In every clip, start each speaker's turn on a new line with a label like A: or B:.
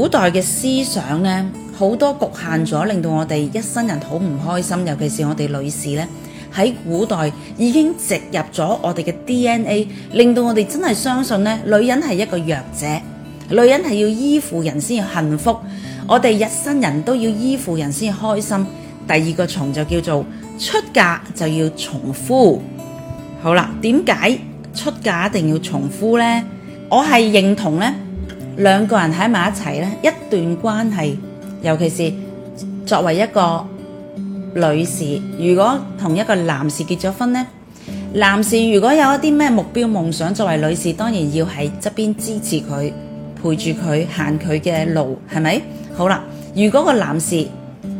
A: 古代嘅思想咧，好多局限咗，令到我哋一生人好唔開心。尤其是我哋女士咧，喺古代已經植入咗我哋嘅 DNA，令到我哋真係相信咧，女人係一個弱者，女人係要依附人先要幸福。我哋一生人都要依附人先開心。第二個從就叫做出嫁就要從夫。好啦，點解出嫁一定要從夫呢？我係認同呢。兩個人喺埋一齊咧，一段關係，尤其是作為一個女士，如果同一個男士結咗婚咧，男士如果有一啲咩目標、夢想，作為女士當然要喺側邊支持佢，陪住佢，行佢嘅路，係咪？好啦，如果個男士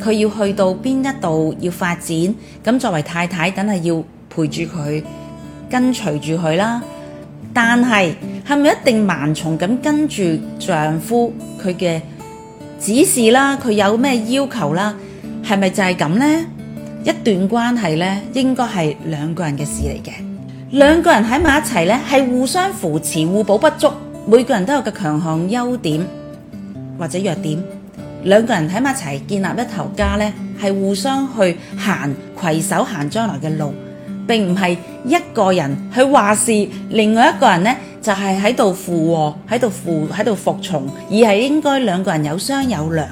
A: 佢要去到邊一度要發展，咁作為太太，梗係要陪住佢，跟隨住佢啦。但係，係咪一定盲從咁跟住丈夫佢嘅指示啦，佢有咩要求啦，係咪就係咁呢？一段關係呢，應該係兩個人嘅事嚟嘅。兩個人喺埋一齊呢，係互相扶持、互補不足。每個人都有個強項、優點或者弱點。兩個人喺埋一齊建立一頭家呢，係互相去行，攜手行將來嘅路。並唔係一個人去話事，另外一個人呢，就係喺度附和，喺度附，喺度服從，而係應該兩個人有商有量，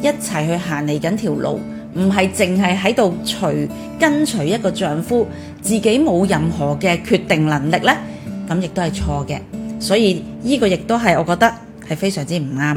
A: 一齊去行嚟緊條路，唔係淨係喺度隨跟隨一個丈夫，自己冇任何嘅決定能力呢，咁亦都係錯嘅。所以呢個亦都係我覺得係非常之唔啱。